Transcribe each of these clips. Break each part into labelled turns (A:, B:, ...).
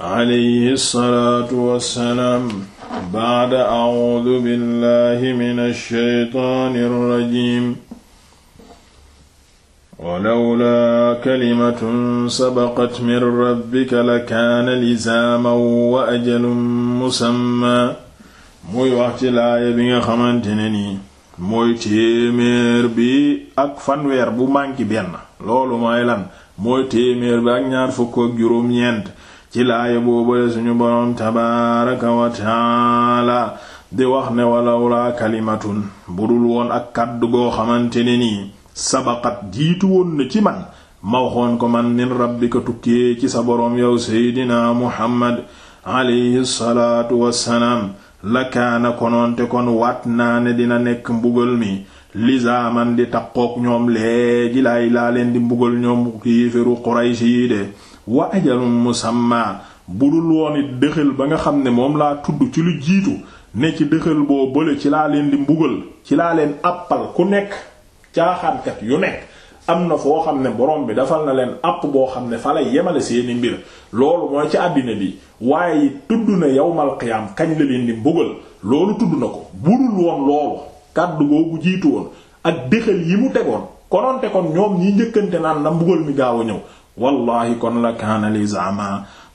A: alayhi salaatu wassalaam baada a'uudu billahi mina shaytaani rajiim walawlaa kalimatun sabaqat min rabbika lakaana lizaaman wa ajalun musammaa muy wax ci laaya bi nga xamante ne nii mooy téeméer bi ak fanweer bu mànki benn loolu mooy lan mooy téeméer bi ak ñaar fukk ak juróom ñeent ci laaya boobale suñu boroom tabaaraka wa di wax ne walawlaa kalimatun bu dul woon ak kàddu goo xamante ne nii sabaqat jiitu woon na ci man ma waxoon ko man nin rabbika tukkee ci sa boroom yow seydinaa muhammad alayhi salaatu wassalaam lakaana konoonte kon waat naa ne dina nekk mbugal mi lisaaman di taqook ñoom léegi laay laa leen di mbugal ñoom kiifiru quraysh de wa ajalum musamma budul woon it dëxal ba nga xam ne moom laa tudd ci lu jiitu ne ci dëxal boo bële ci laa leen di mbugal ci laa leen àppal ku nekk caaxaankat yu am na foo xam ne borom bi dafal na leen àpp boo xam ne fa la yemale seeni mbir loolu mooy ci àddina bi waaye it tudd na yow qiyaam kañ la leen di mbugal loolu tudd na ko budul woon loolu kàddu googu jiitu woon ak dëxal yi mu tegoon konoonte kon ñoom ñi njëkkante naan na mbugal mi gaaw a ñëw wallahi kon la kaana li zama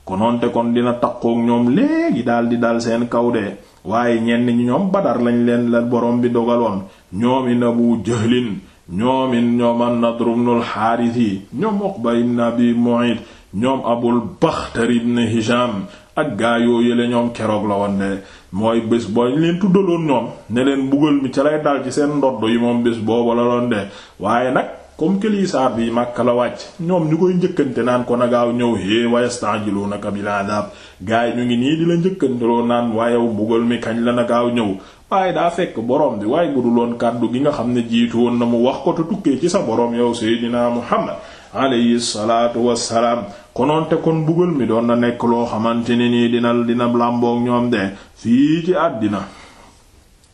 A: konoonte kon dina taqoog ñoom léegi daal di dal seen kaw de waaye ñenn ñi ñoom badar lañ leen la borom bi dogaloon ñoomin abu jahlin ñoomin ñoom an-nadr ibn al-harith yi ñoom uqba ibn abi mu'ayt ñoom abul baxtar ibn hisham ak gaa yoo yële ñoom keroog la woon de mooy bés boo leen tuddaloon ñoom ne leen mbugal mi ca lay dal ci seen ndodd yi moom bés boobu la doon de waaye nag comme que lii saar bi Makka la wàcc ñoom ñu koy njëkkante naan ko na gaaw ñëw hé wayastanjilunaka bil adab gaay ñu ngi nii di la njëkkanteloo naan waayew mbugal mi kañ la na gaaw ñëw waaye daa fekk borom bi waaye bu dul kàddu gi nga xam ne jiitu woon na mu wax ko tukkee ci sa borom yow Seydina Muhammad alayhi salaatu wassalaam konoonte kon mbugal mi doon na nekk loo xamante ne nii dina dina làmboog ñoom de fii ci àddina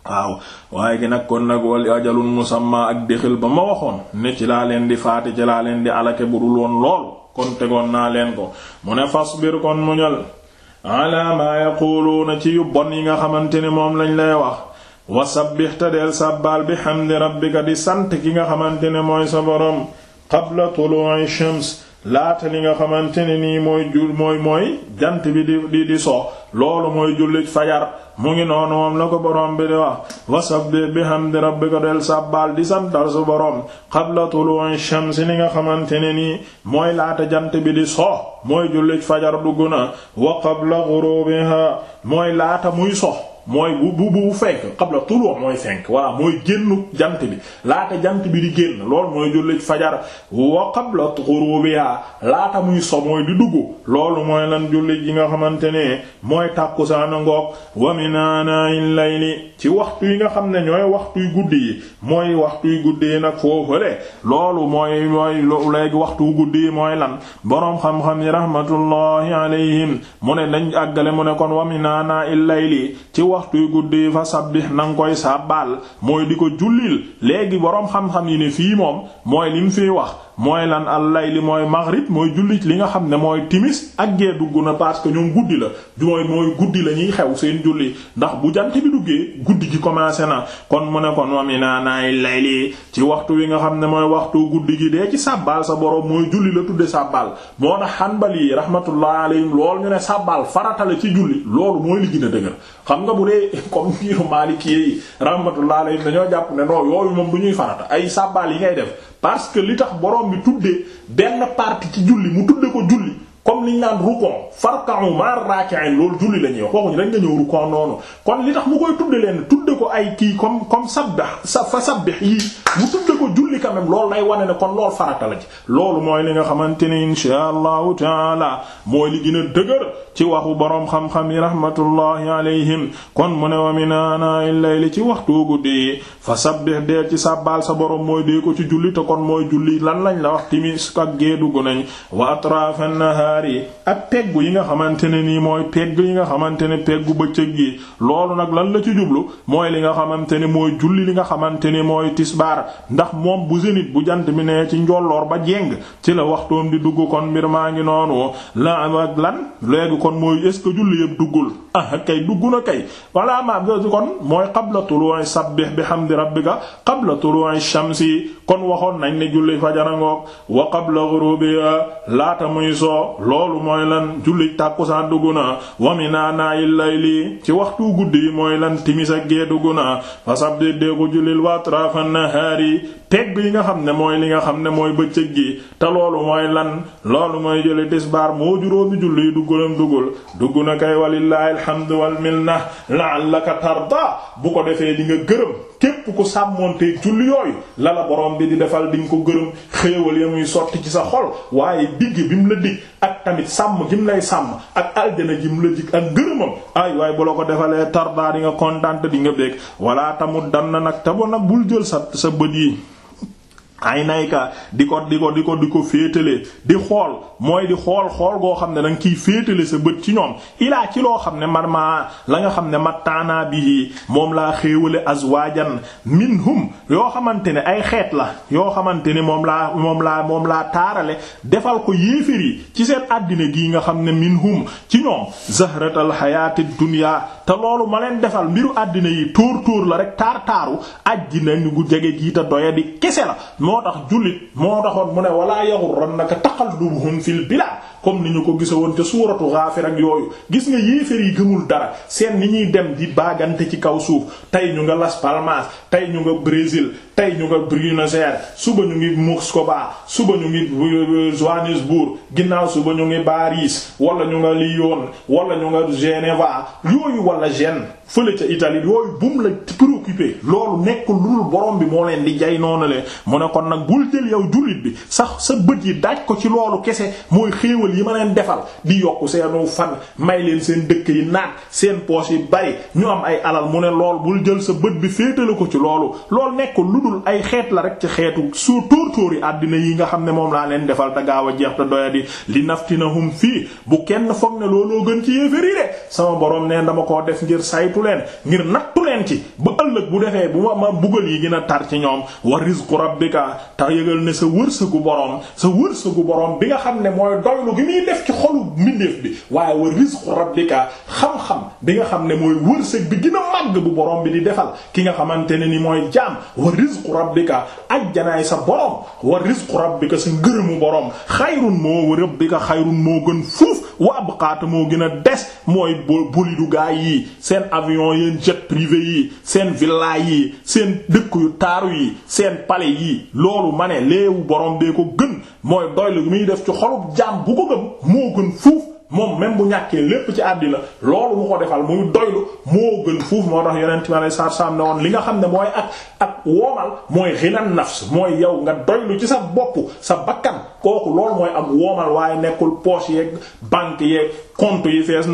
A: waaw waaye gi nag kon nag wal ajalun musamma ak déxil ba ma waxoon ne ci laa leen di faate ci laa leen di alake bu dul woon lool kon tegoon naa leen ko mu ne fasbir kon muñal ala ma yaquluuna ci yu bon yi nga xamante ne moom lañ lay wax wa sabbih ta deel sàbbaal bi hamdi rabbika di sant ki nga xamante ne mooy sa boroom qabla tulu'i shams laata li nga xamante ne nii mooy jur mooy mooy jant bi di di di loolu mooy jullit fajar mu ngi noonu moom la ko borom bi di wax wasabbih bihamdi rabbika del sàbbaal di santal su borom qabla tulu'i shamsi li nga xamante ne nii mooy laata jant bi di soo mooy jullit fajar dugg na wa qabla ghurubiha mooy laata muy soo mooy bu bu bu fenk qabla tulu mooy fenk voilà mooy génnu jant bi laata jant bi di génn lool mooy jullit fajar wa qabla ghurubiha laata muy so mooy di dugg loolu mooy lan jullit yi nga xamante ne mooy tàkkusaana ngoog wa min aana'il layli ci waxtu yi nga xam ne ñooy waxtuy guddi yi mooy waxtuy guddi yi nag foofale loolu mooy mooy waxtu guddi yi mooy lan boroom xam-xam yi rahmatullahi alayhim mu ne dañ àggale mu ne kon wa min aana'il layli waxtuy guddi fa sabbih na nga koy sàbbaal mooy di ko jullil léegi boroom xam-xam yi ne fii moom mooy lim fiy wax mooy lan al layli mooy maghrib mooy julli li nga xam ne mooy timis ak gee dugg na parce que ñoom guddi la mooy mooy guddi lañuy xew seen julli ndax bu jant bi duggee guddi gi commencé na kon mu ne kon wamina naay layli ci waxtu wi nga xam ne mooy waxtu guddi gi dee ci sàbbaal sa boroom mooy julli la tudde sàbbaal moo tax Hanbali rahmatullah alayhim loolu ñu ne sàbbaal farata la ci julli loolu mooy li gën a dëgër xam nga bu dee comme ngiru Maliki yi rahmatullah dañoo jàpp ne non yooyu moom du ñuy farata ay sàbbaal yi ngay def parce que li tax borom bi tuddee benn partie ci julli mu tudde ko julli comme liñ naan rukon farka'u ma'ar raki'in loolu julli la wax waxuñu dañ nga ñëw rukon noonu kon li tax mu koy tudde leen tudde ko ay kii comme comme sabbih sa fa sabbih yi mu tudde ko julli quand loolu lay wane ne kon loolu farata la ci loolu mooy li nga xamante ni insha allahu taala mooy li gën a dëgër ci waxu boroom xam-xam yi rahmatullahi alayhim kon mu ne wa min aanaa'i layli ci waxtu guddi fa sabbih deel ci sàbbaal sa borom mooy dee ko ci julli kon mooy julli lan lañ la wax timis ak gée naari ak teggu yi nga xamante ne nii mooy tegg yi nga xamante ne teggu bëccëg gi loolu nag lan la ci jublu mooy li nga xamante ne mooy julli li nga xamante ne mooy tisbaar ndax moom bu zénith bu jant bi nee ci njolloor ba jeng ci la waxtoom di dugg kon mbir maa ngi noonu la ak lan léegi kon mooy est ko que julli yëpp duggul ah kay dugg na kay walla ma kon mooy qabla tulu'i sabbih bihamdi rabbika qabla tulu'i shamsi kon waxoon nañ ne julli fajarangoog wa qabla ghurubiha mooy lan julli tàkkusaan dugg na wa mi naa naayi layli ci waxtu guddi yi mooy lan timis ak gee dugg na fasabdi deeku jullil watrafa nahaari tegg yi nga xam ne mooy li nga xam ne mooy bëccëg gi te loolu mooy lan loolu mooy jëli tisbaar moo juróomi julli yi duggalam duggul dugg na kay walillahi alhamdu wal minna la'allaka tarda bu ko defee di nga gërëm képp ku sàmmoonte julli yooyu la la borom bi di defal di ko gërëm xéewal ya muy sotti ci sa xol waaye digg bi mu la dig ak tamit sàmm gi mu lay sàmm ak aljana gi mu la dig ak ngërëmam ay waaye bu la ko defalee tardaa di nga kontaan nga bég wala tamut dan na nag te bo nag bul jël sa sa bët yi ay nayka di ko di ko di ko di ko féetale di xool mooy di xool xool goo xam ne da nga kiy féetale sa bët ci ñoom ilaa ci loo xam ne man maa la nga xam ne mattaana bi moom laa xéewale azwajan minhum yoo xamante ne ay xeet la yoo xamante ne moom la moom laa moom laa taarale defal ko yéefér yi ci seen àddina gii nga xam ne minhum ci ñoom zahratal hayaatid dunya te loolu ma leen defal mbiru àddina yi tuur tuur la rek taar taaru àjjina ñu gu jege jiita doya di kese la moo tax jullit moo taxoon mu ne walaa yaghrannaka taqallubuhum fil bilad comme ni ñu ko gisa woon te suuratu Gaafir ak yooyu gis nga yéefér yi gëmul dara seen ni ñuy dem di baagante ci kaw suuf tey ñu nga Las Palmas tey ñu nga Brésil tey ñu nga Buenos Aires suba ñu ngi Moscou suba ñu ngi euh, euh, Johannesburg ginnaaw suba ñu ngi Paris wala ñu nga Lyon wala ñu nga Geneva yooyu wala Gênes fële ca Italie yooyu bum la préoccupé loolu nekkul lu borom bi moo leen di jay noonu le mu ne kon nag bul jël yow jullit bi sax sa bët yi daaj ko ci loolu kese mooy xéewal yi ma leen defal di yokk seenu fan may leen seen dëkk yi naat seen poche yi bari ñu am ay alal mu ne lool bul jël sa bët bi féetale ko ci loolu lool nekkul lu dul ay xeet la rek ci xeetu su tóortóori àddina yi nga xam ne moom laa leen defal te gaaw a jeex te doyadi li naftinahum fii bu kenn foog ne looloo gën ci yéeféri sama borom ne dama ko def ngir saytu saytu leen ngir nattu leen ci ba ëllëg bu defee bu ma ma bugal yi gën a tar ci ñoom wa rizqu rabbika tax yëgal ne sa wërsëgu borom sa wërsëgu borom bi nga xam ne mooy doylu gi muy def ci xolu mbindeef bi waaye wa rizqu rabbika xam-xam bi nga xam ne mooy wërsëg bi gën a màgg bu borom bi di defal ki nga xamante ne ni mooy jaam wa rizqu rabbika ajjanaay sa borom wa rizqu rabbika sa ngërëmu borom xayrun moo rabbika xayrun moo gën fuuf wa abqaata avion yéen jet privé yi seen villa yi seen dëkk yu taaru yi seen palais yi loolu ma ne léewu borom bee ko gën mooy doy lu muy def ci xolub jaam bu ko gëm moo gën fuuf moom même bu ñàkkee lépp ci àddina loolu mu ko defal muy doylu moo gën fuuf moo tax yonent mi alayhi salaatu salaam ne woon li nga xam ne mooy ak ak woomal mooy xinan nafs mooy yow nga doylu ci sa bopp sa bakkan kooku loolu mooy am woomal waaye nekkul poche yeeg banque yeeg compte yi fees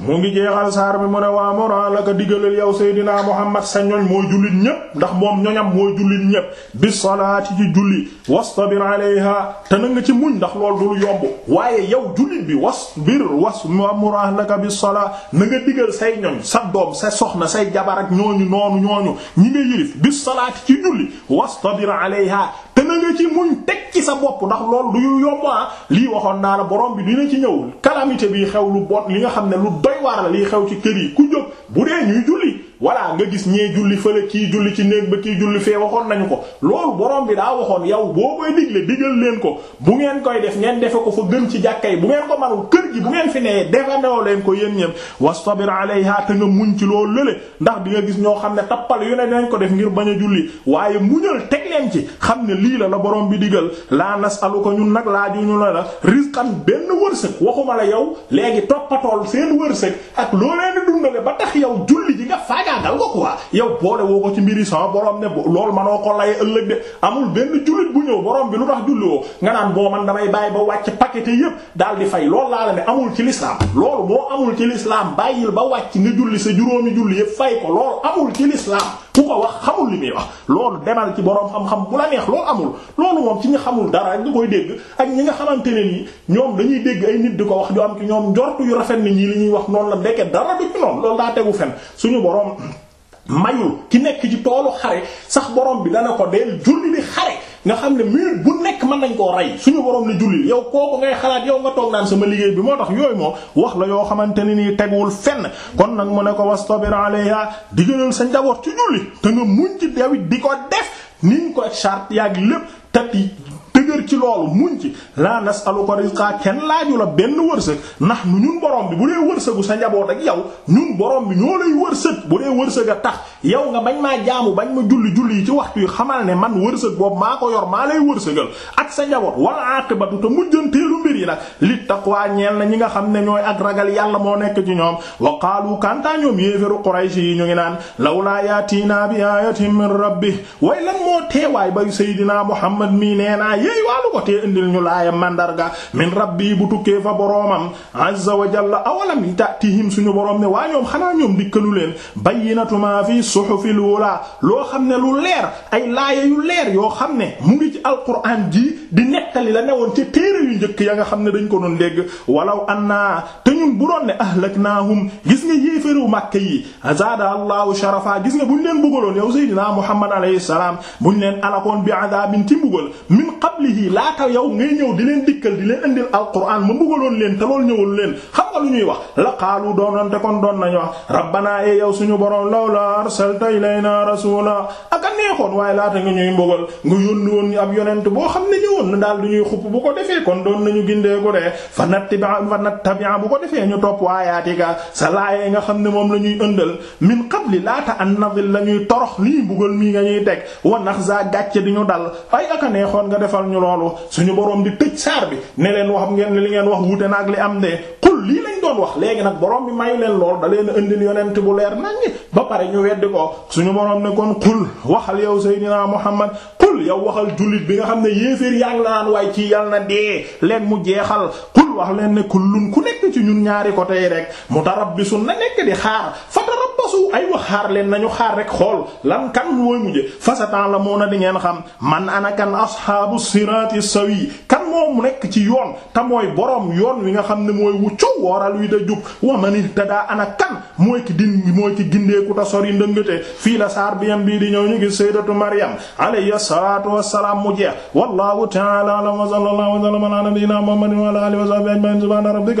A: mu ngi jeexal saar bi mu ne waa moran la ko digalal yow Seydina Muhammad sa ñoñ moo jullit ñépp ndax moom ñoñam mooy jullit ñépp bi salaati ci julli wastabir alayha te na ci muñ ndax lool dul yomb waaye yow jullit bi wasbir was wa moran la ko bi salaa na nga digal say ñoñ sa doom sa soxna say jabar ak ñooñu noonu ñooñu ñi nga yilif bi salaati ci julli wastabir alayha na nga ci muñ teg ci sa bopp ndax loolu du yomb ah lii waxoon naa la borom bi dina ci ñëw calamité bii xew lu bon li nga xam ne lu doy waar la liy xew ci kër yi ku jóg bu dee ñuy julli voilà nga gis ñee julli fële kii julli ci néeg ba kii julli fee waxoon nañu ko loolu borom bi daa waxoon yow boo koy digle digal leen ko bu ngeen koy def ngeen defe ko fa gën ci jàkka yi bu ngeen ko manul kër gi bu ngeen fi nee defandoo leen ko yéen ñëpp wastabir alayha te nga muñ ci loolu lële ndax di nga gis ñoo xam ne tappal yu ne dinañ ko def ngir bañ a julli waaye muñal teg leen ci xam ne lii la la borom bi digal laa nasalu ko ñun nag laajuñu la la rizqan benn wërsëg waxuma la yow léegi toppatool seen wërsëg ak loo leen di dundale yow julli nga faagaagal ko quoi yow boole woo ko ci mbiri sama borom ne loolu manoo ko lay ëllëg de amul benn jullit bu ñëw boroom bi lu tax julliwoo nga naan boo man damay bàyyi ba wàcc paquet yépp daal di fay loolu laa la ne amul ci l'islam loolu moo amul ci l'islam bàyyil ba wàcc nga julli sa juróomi julli yépp fay ko loolu amul ci l'islam ku ko wax xamul li muy wax loolu demal ci boroom xam-xam bu la neex loolu amul loolu moom ci ñi xamul dara ak nga koy dégg ak ñi nga xamante ne nii ñoom dañuy dégg ay nit di ko wax ñu am ci ñoom njortu yu rafet ni ñii li ñuy wax noonu la ndeke dara du ci noonu loolu daa tegu fen suñu boroom mayul ki nekk ci toolu xare sax boroom bi dana ko deel julli di xare nga xam ne minute bu nekk mën nañ koo rey suñu borom ne julli yow kooku ngay xalaat yow nga toog naan sama liggéey bi moo tax yooyu moo wax la yoo xamante ne nii teguwul fenn kon nag mu ne ko wastabir alayha digalal sa njaboot ci julli te nga muñ ci dawit di ko def niñ ko charte yàgg lépp tati dëgër ci loolu muñ ci la nasaluka rizqa kenn laaju la benn wërsëg ndax nu ñun borom bi bu dee wërsëgu sa njaboot ak yow ñun borom bi ñoo lay wërsëg bu dee wërsëg a tax yow nga bañ maa jaamu bañ ma julli julli yi ci waxtu yi xamal ne man wërsëg boobu maa ko yor maa lay wërsëgal ak sa njaboot wala aqibatu te mujjanteelu mbir yi nag li taqwa ñeel na ñi nga xam ne ñooy ak ragal yàlla moo nekk ci ñoom wa qaalu kantaa ñoom yéeféru Quraysh yi ñu ngi naan lawlaa yaatina bi ayatin min rabbi wàllu ko tee indil ñu laaya mandarga min rabbi bu tukkee fa boroomam azza wa jalla awalam ta'tihim suñu boroom ne waa ñoom xanaa ñoom dikkalu leen bayyinatu ma fi suhufil ula loo xam ne lu leer ay laaya yu leer yoo xam ne mu ngi ci alquran ji di nettali la newoon ci téere yu njëkk ya nga xam ne dañ ko doon dégg walaw anna te ñun bu doon ne ahlaknahum gis nga yéeféru màkk yi azada allahu sharafa gis nga buñ leen bëggaloon yow seydina muhammad alayhi salaam buñ leen bi adabin ci mbugal alayhi laata yow ngay ñëw di leen dikkal di leen indil alquran ma mbugaloon leen te loolu ñëwul leen xam nga lu ñuy wax la qaalu doonoon te kon doon nañu wax rabbana e yow suñu borom lawla a neexoon waaye laata nga ñuy mbugal nga yónni woon ab na daal du ñuy xupp bu ko defee kon doon de fa nattabia fa nattabia bu ko sa laayee nga xam ne moom la ñuy ëndal min qabli laata an la ñuy torox lii mbugal mii nga ñuy teg wa naxza gàcce di ñu dal a neexoon nga defal ñu ñu loolu suñu boroom di tëj saar bi ne leen wax ngeen li ngeen wax wuute ak li am de xul lii lañ doon wax léegi nag borom bi may leen lool da leen indil yonent bu leer naññi ba pare ñu weddi ko suñu borom ne kon xul waxal yow Seydina Muhammad qul yow waxal jullit bi nga xam ne yéeféer yaa la naan waaye ci yal na dee leen mu jeexal qul wax leen ne kullun ku nekk ci ñun ñaari côté yi rek mutarabbisun na nekk di xaar fatarabbasu ay wax xaar leen nañu xaar rek xool lan kan mooy mujje fasatan la moo na di ngeen xam man anakan ashabu sirati sawi moom nekk ci yoon te mooy borom yoon wi nga xam ne mooy wu coow wooral wi da jub wa man ihtada ana kan mooy ki din mooy ki gindeeku ta sori ndëngate fii la saar biyam bii di ñëw ñu gis sayyidatu maryam alayhi salatu wassalam mu jeex wallahu ta'ala wa sallallahu wa sallama ala nabiyyina muhammadin wa ala alihi wa sahbihi ajma'in subhana rabbika